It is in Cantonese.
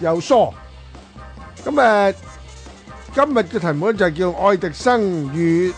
又疏，今日嘅題目就係叫愛迪生與。